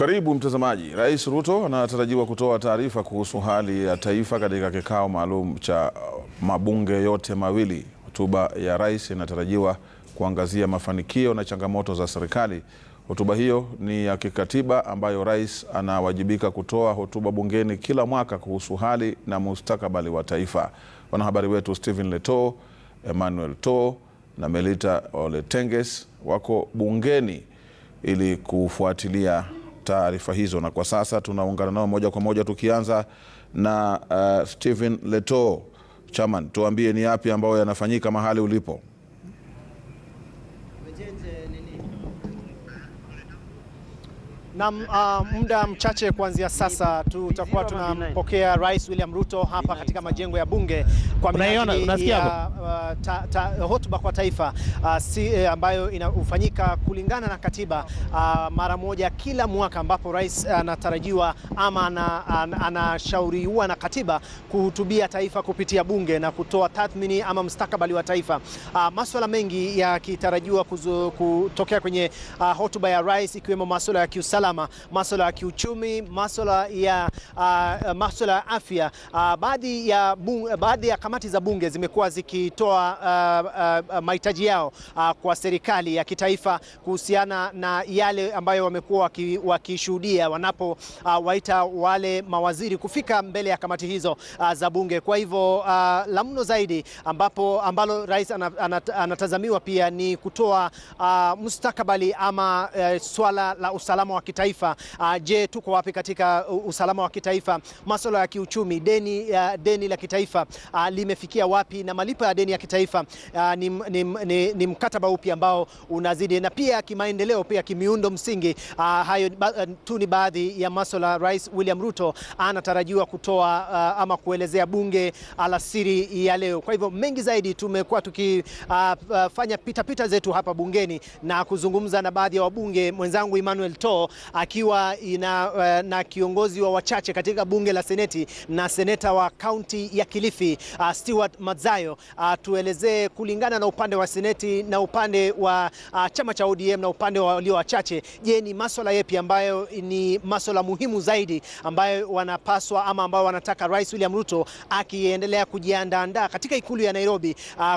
Karibu mtazamaji. Rais Ruto anatarajiwa kutoa taarifa kuhusu hali ya taifa katika kikao maalum cha uh, mabunge yote mawili. Hotuba ya rais inatarajiwa kuangazia mafanikio na changamoto za serikali. Hotuba hiyo ni ya kikatiba ambayo rais anawajibika kutoa hotuba bungeni kila mwaka kuhusu hali na mustakabali wa taifa. Wanahabari wetu Stephen Leto, Emmanuel To na Melita Oletenges wako bungeni ili kufuatilia taarifa hizo, na kwa sasa tunaungana nao moja kwa moja tukianza na uh, Stephen Leto Chaman, tuambie ni yapi ambayo yanafanyika mahali ulipo. Na uh, muda mchache kuanzia sasa tutakuwa tunampokea Rais William Ruto hapa katika majengo ya bunge kwa minajili ya uh, hotuba kwa taifa uh, si, eh, ambayo inafanyika kulingana na katiba uh, mara moja kila mwaka ambapo rais anatarajiwa uh, ama anashauriwa na katiba kuhutubia taifa kupitia bunge na kutoa tathmini ama mustakabali wa taifa. Uh, masuala mengi yakitarajiwa kutokea kwenye uh, hotuba ya rais ikiwemo masuala ya kiusalama usalama, masuala ya kiuchumi, masuala ya uh, ah, ah, masuala ya afya. Uh, baadhi ya bunge, baadhi ya kamati za bunge zimekuwa zikitoa uh, uh, mahitaji yao uh, kwa serikali ya kitaifa kuhusiana na yale ambayo wamekuwa wakishuhudia wanapo uh, waita wale mawaziri kufika mbele ya kamati hizo uh, za bunge. Kwa hivyo uh, la mno zaidi ambapo ambalo rais anatazamiwa pia ni kutoa uh, mustakabali ama uh, swala la usalama wa kitaifa kitaifa. Ah, je, tuko wapi katika usalama wa kitaifa? Masuala ya kiuchumi, deni, deni la kitaifa ah, limefikia wapi na malipo ya deni ya kitaifa ah, ni, ni, ni, ni mkataba upi ambao unazidi na pia kimaendeleo pia kimiundo msingi. Hayo tu ni baadhi ya masuala Rais William Ruto anatarajiwa kutoa ama kuelezea bunge alasiri ya leo. Kwa hivyo mengi zaidi tumekuwa tukifanya pitapita zetu hapa bungeni na kuzungumza na baadhi ya wabunge. Mwenzangu Emmanuel To akiwa ina, uh, na kiongozi wa wachache katika bunge la seneti na seneta wa kaunti ya Kilifi uh, Stewart Mazayo uh, ah, tuelezee kulingana na upande wa seneti na upande wa uh, chama cha ODM na upande wa walio wachache, je, ni maswala yepi ambayo ni maswala muhimu zaidi ambayo wanapaswa ama ambayo wanataka Rais William Ruto akiendelea kujiandaandaa katika ikulu ya Nairobi uh,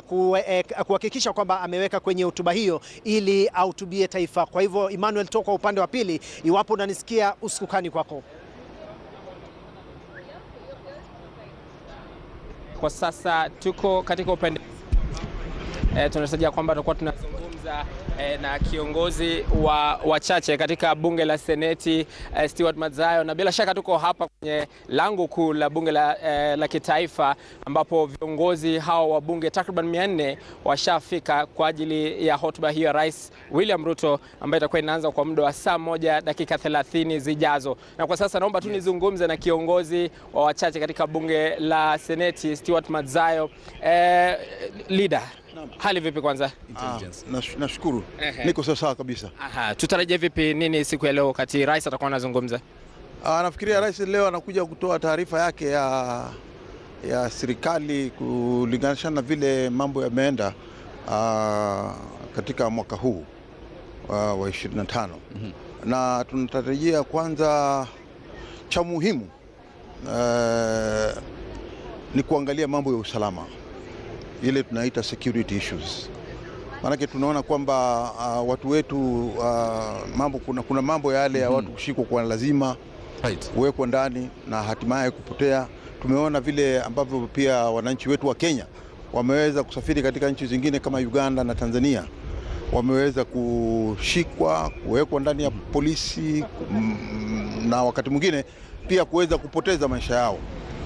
kuhakikisha kwamba ameweka kwenye hotuba hiyo ili ahutubie taifa. Kwa hivyo Emmanuel toka upande wa pili Iwapo unanisikia, usukani kwako. Kwa sasa tuko katika upande eh, tunatarajia kwamba tutakuwa tunazungumza eh, na kiongozi wa wachache katika bunge la seneti eh, Stewart Mazayo, na bila shaka tuko hapa kwenye lango kuu la bunge la, eh, la kitaifa ambapo viongozi hao wa bunge takriban 400 washafika kwa ajili ya hotuba hiyo ya Rais William Ruto ambayo itakuwa inaanza kwa muda wa saa moja dakika 30 zijazo, na kwa sasa naomba tu nizungumze na kiongozi wa wachache katika bunge la seneti Stewart Mazayo eh, leader Hali vipi kwanza? Ah, nashukuru. Niko sawa sawa kabisa. Aha, tutarajia vipi nini siku ya leo wakati rais atakuwa anazungumza? Ah, nafikiria rais leo anakuja kutoa taarifa yake ya ya serikali kulinganisha na vile mambo yameenda ah, katika mwaka huu wa 25 mm -hmm. na tunatarajia kwanza cha muhimu eh, ni kuangalia mambo ya usalama ile tunaita security issues. Maanake tunaona kwamba uh, watu wetu uh, mambo, kuna, kuna mambo yale ya watu mm-hmm. kushikwa kwa lazima right. kuwekwa ndani na hatimaye kupotea. Tumeona vile ambavyo pia wananchi wetu wa Kenya wameweza kusafiri katika nchi zingine kama Uganda na Tanzania, wameweza kushikwa, kuwekwa ndani ya mm-hmm. polisi mm, na wakati mwingine pia kuweza kupoteza maisha yao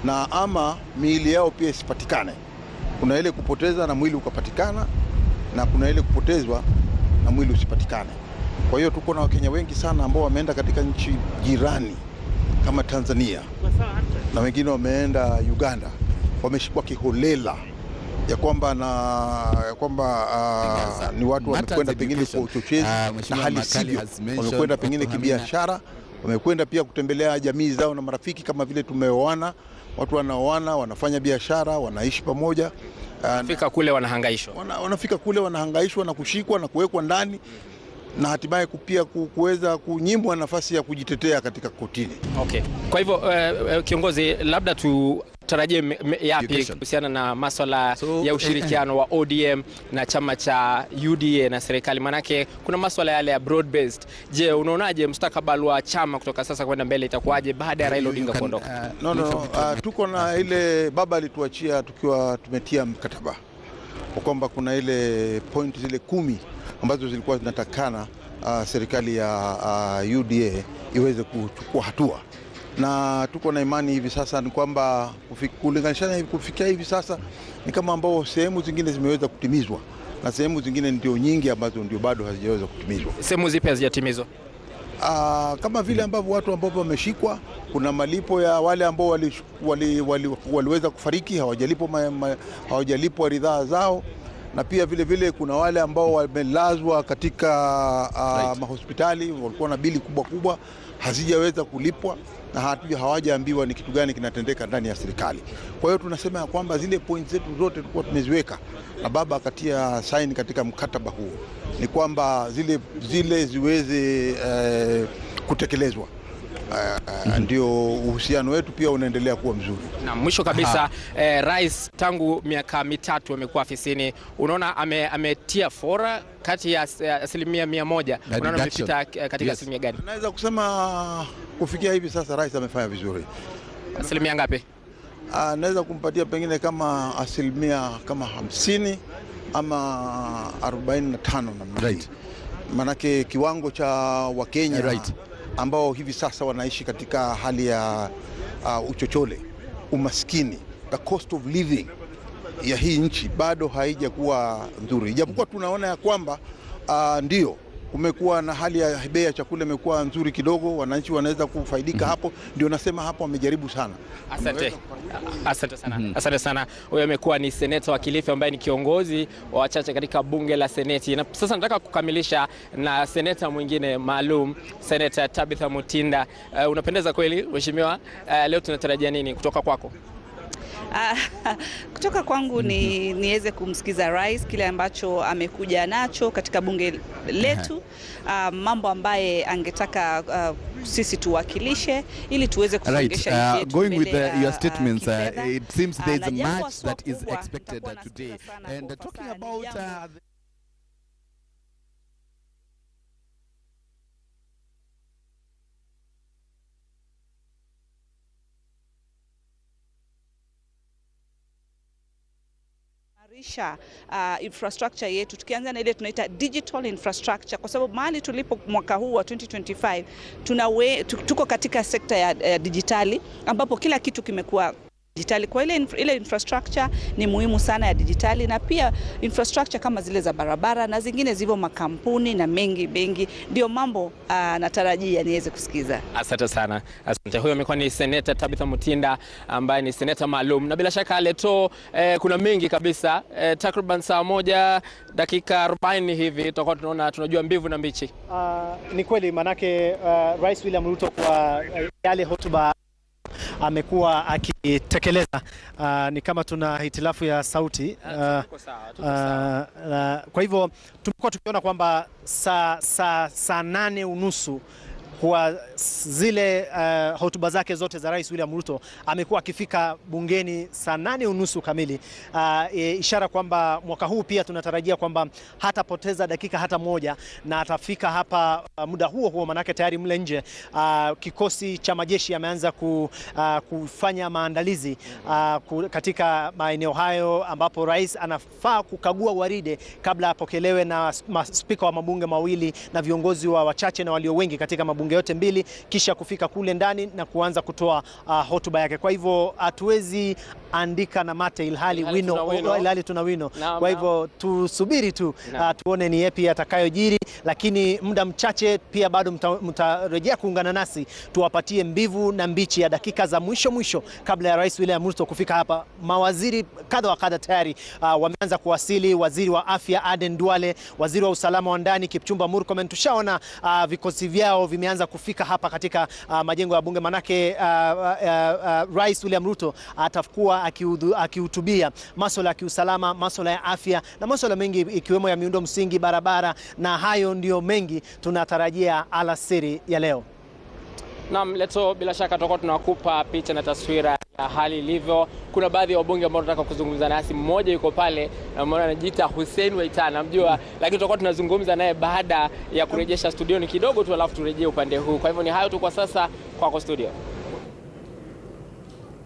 na ama miili yao pia isipatikane. Kuna ile kupoteza na mwili ukapatikana na kuna ile kupotezwa na mwili usipatikane. Kwa hiyo tuko na Wakenya wengi sana ambao wameenda katika nchi jirani kama Tanzania na wengine wameenda Uganda, wameshikwa kiholela ya kwamba na ya kwamba uh, ni watu wamekwenda pengine kwa uchochezi uh, na hali sivyo, wamekwenda pengine kibiashara, wamekwenda pia kutembelea jamii zao na marafiki kama vile tumeoana watu wanaoana, wanafanya biashara, wanaishi pamoja. Ah, wanafika kule wanahangaishwa, wana, wanafika kule wanahangaishwa na kushikwa na kuwekwa ndani na hatimaye pia kuweza kunyimwa nafasi ya kujitetea katika kotini. Okay. Kwa hivyo uh, kiongozi, labda tu tutarajie yapi kuhusiana na maswala so, ya eh, ushirikiano eh, eh, wa ODM na chama cha UDA na serikali? Manake kuna maswala yale ya broad based. Je, unaonaje mustakabali wa chama kutoka sasa kwenda mbele itakuwaje baada ya Raila Odinga kuondoka? Uh, no, no, uh, tuko na ile baba alituachia tukiwa tumetia mkataba kwamba kuna ile point zile kumi ambazo zilikuwa zinatakana uh, serikali ya uh, UDA iweze kuchukua hatua na tuko na imani hivi sasa ni kwamba kulinganishana kufikia hivi sasa ni kama ambao sehemu zingine zimeweza kutimizwa na sehemu zingine ndio nyingi ambazo ndio bado hazijaweza kutimizwa. Sehemu zipi hazijatimizwa? Aa, ah, kama vile ambavyo watu ambao wameshikwa, kuna malipo ya wale ambao wali, wali, wali, waliweza kufariki hawajalipwa hawajalipwa ridhaa zao, na pia vile vile kuna wale ambao wamelazwa katika ah, right. mahospitali walikuwa na bili kubwa kubwa hazijaweza kulipwa na hatuja hawajaambiwa ni kitu gani kinatendeka ndani ya serikali. Kwa hiyo tunasema ya kwamba zile point zetu zote tulikuwa tumeziweka na baba akatia saini katika mkataba huo, ni kwamba zile, zile ziweze eh, kutekelezwa uh, ndio uhusiano wetu pia unaendelea kuwa mzuri. Na mwisho kabisa eh, rais tangu miaka mitatu amekuwa afisini, unaona ametia ame fora kati ya asilimia mia moja, unaona amepita katika yes, gani? Naweza kusema kufikia hivi sasa rais amefanya vizuri. Asilimia ngapi? Ah, naweza kumpatia pengine kama asilimia kama hamsini ama 45 namna right. Manake kiwango cha Wakenya right ambao hivi sasa wanaishi katika hali ya uh, uchochole, umaskini, the cost of living ya hii nchi bado haijakuwa nzuri, japokuwa tunaona ya kwamba uh, ndio kumekuwa na hali ya bei ya chakula imekuwa nzuri kidogo, wananchi wanaweza kufaidika mm -hmm. Hapo ndio nasema hapo wamejaribu sana. Asante, asante sana, mm -hmm. Asante sana. Huyo amekuwa ni seneta wa Kilifi ambaye ni kiongozi wa wachache katika bunge la seneti, na sasa nataka kukamilisha na seneta mwingine maalum, seneta Tabitha Mutinda. Uh, unapendeza kweli mheshimiwa. Uh, leo tunatarajia nini kutoka kwako? Ah, kutoka kwangu ni niweze kumsikiza rais kile ambacho amekuja nacho katika bunge letu, uh, mambo ambaye angetaka uh, sisi tuwakilishe ili tuweze kusongesha right. Uh, going with the, your statements uh, it seems there is a match that is expected today and uh, talking about uh, kuimarisha uh, infrastructure yetu tukianza na ile tunaita digital infrastructure, kwa sababu mahali tulipo mwaka huu wa 2025 tunawe, tuko katika sekta ya, ya dijitali ambapo kila kitu kimekuwa dijitali. Kwa ile, ile infrastructure ni muhimu sana ya dijitali na pia infrastructure kama zile za barabara na zingine zivyo makampuni na mengi mengi, ndio mambo ah, natarajia niweze kusikiza. Asante sana, asante. Huyo amekuwa ni seneta Tabitha Mutinda ambaye ni seneta maalum, na bila shaka aleto eh, kuna mengi kabisa eh, takriban saa moja dakika 40 hivi tutakuwa tunaona tunajua mbivu na mbichi. Uh, ni kweli manake uh, Rais William Ruto kwa uh, yale hotuba amekuwa akitekeleza. Uh, ni kama tuna hitilafu ya sauti uh, uh, uh, kwa hivyo tumekuwa tukiona kwamba saa, saa, saa nane unusu kwa zile uh, hotuba zake zote za Rais William Ruto amekuwa akifika bungeni saa nane unusu kamili uh, e, ishara kwamba mwaka huu pia tunatarajia kwamba hatapoteza dakika hata moja na atafika hapa uh, muda huo huo, manake tayari mle nje uh, kikosi cha majeshi ameanza ku, uh, kufanya maandalizi uh, katika maeneo hayo ambapo rais anafaa kukagua waride kabla apokelewe na spika wa mabunge mawili na viongozi wa wachache na walio wengi katika mabunge bunge yote mbili kisha kufika kule ndani na kuanza kutoa uh, hotuba yake. Kwa hivyo hatuwezi andika na mate ilhali wino, tuna wino, ilhali tuna wino. Oh, Kwa hivyo tusubiri tu uh, tuone ni yapi atakayojiri, lakini muda mchache pia bado mtarejea mta kuungana nasi tuwapatie mbivu na mbichi ya dakika za mwisho mwisho kabla ya Rais William Ruto kufika hapa. Mawaziri kadha wa kadha tayari uh, wameanza kuwasili, waziri wa afya Aden Duale, waziri wa usalama wa ndani Kipchumba Murkomen. Tushaona uh, vikosi vyao vimeanza ameanza kufika hapa katika uh, majengo ya bunge manake uh, uh, uh, uh Rais William Ruto atakuwa akihutubia masuala ya kiusalama, masuala ya afya na masuala mengi ikiwemo ya miundo msingi, barabara, na hayo ndio mengi tunatarajia alasiri ya leo. Naam, Leto, bila shaka tutakuwa tunakupa picha na taswira ya hali ilivyo. Kuna baadhi ya wabunge ambao tunataka kuzungumza nasi, mmoja yuko pale eh, ambaye anajiita Hussein Waitana, namjua, mm. lakini tutakuwa tunazungumza naye baada ya kurejesha studioni kidogo tu, alafu turejee upande huu. Kwa hivyo ni hayo tu kwa sasa, kwako studio.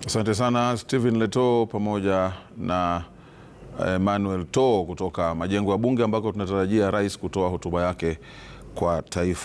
Asante sana Stephen Leto pamoja na eh, Emmanuel To kutoka majengo ya bunge ambako tunatarajia rais kutoa hotuba yake kwa taifa.